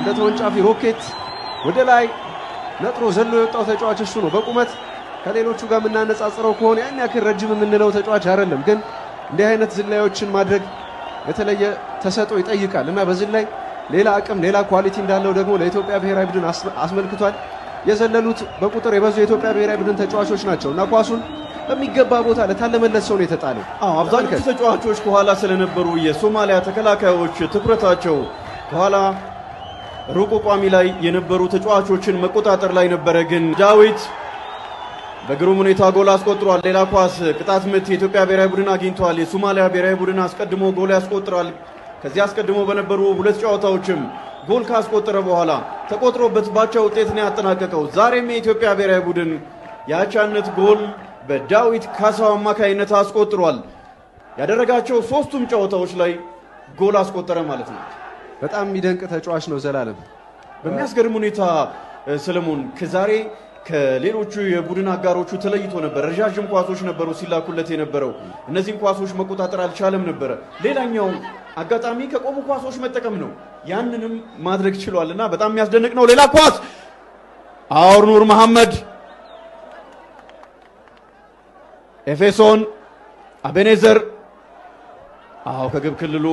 እንደ ተወንጫፊ ሮኬት ወደ ላይ ነጥሮ ዘሎ የወጣው ተጫዋች እሱ ነው። በቁመት ከሌሎቹ ጋር የምናነጻጽረው ከሆነ ያን ያክል ረጅም የምንለው ተጫዋች አይደለም። ግን እንዲህ አይነት ዝላዮችን ማድረግ የተለየ ተሰጦ ይጠይቃል እና በዝላይ ሌላ አቅም ሌላ ኳሊቲ እንዳለው ደግሞ ለኢትዮጵያ ብሔራዊ ቡድን አስመልክቷል። የዘለሉት በቁጥር የበዙ የኢትዮጵያ ብሔራዊ ቡድን ተጫዋቾች ናቸው እና ኳሱን በሚገባ ቦታ ለታለመለት ሰው ነው የተጣለው። አብዛኞቹ ተጫዋቾች ከኋላ ስለነበሩ የሶማሊያ ተከላካዮች ትኩረታቸው ከኋላ ሩቅ ቋሚ ላይ የነበሩ ተጫዋቾችን መቆጣጠር ላይ ነበረ። ግን ዳዊት በግሩም ሁኔታ ጎል አስቆጥሯል። ሌላ ኳስ ቅጣት ምት የኢትዮጵያ ብሔራዊ ቡድን አግኝቷል። የሶማሊያ ብሔራዊ ቡድን አስቀድሞ ጎል ያስቆጥራል። ከዚህ አስቀድሞ በነበሩ ሁለት ጨዋታዎችም ጎል ካስቆጠረ በኋላ ተቆጥሮበት ባቻ ውጤት ነው ያጠናቀቀው። ዛሬም የኢትዮጵያ ብሔራዊ ቡድን የአቻነት ጎል በዳዊት ካሳው አማካይነት አስቆጥሯል። ያደረጋቸው ሶስቱም ጨዋታዎች ላይ ጎል አስቆጠረ ማለት ነው። በጣም የሚደንቅ ተጫዋች ነው ዘላለም። በሚያስገርም ሁኔታ ሰለሞን ከዛሬ ከሌሎቹ የቡድን አጋሮቹ ተለይቶ ነበር። ረዣዥም ኳሶች ነበሩ ሲላኩለት የነበረው እነዚህን ኳሶች መቆጣጠር አልቻለም ነበረ። ሌላኛው አጋጣሚ ከቆሙ ኳሶች መጠቀም ነው። ያንንም ማድረግ ችሏል እና በጣም የሚያስደንቅ ነው። ሌላ ኳስ አውር ኑር መሐመድ ኤፌሶን አቤኔዘር አዎ ከግብ ክልሉ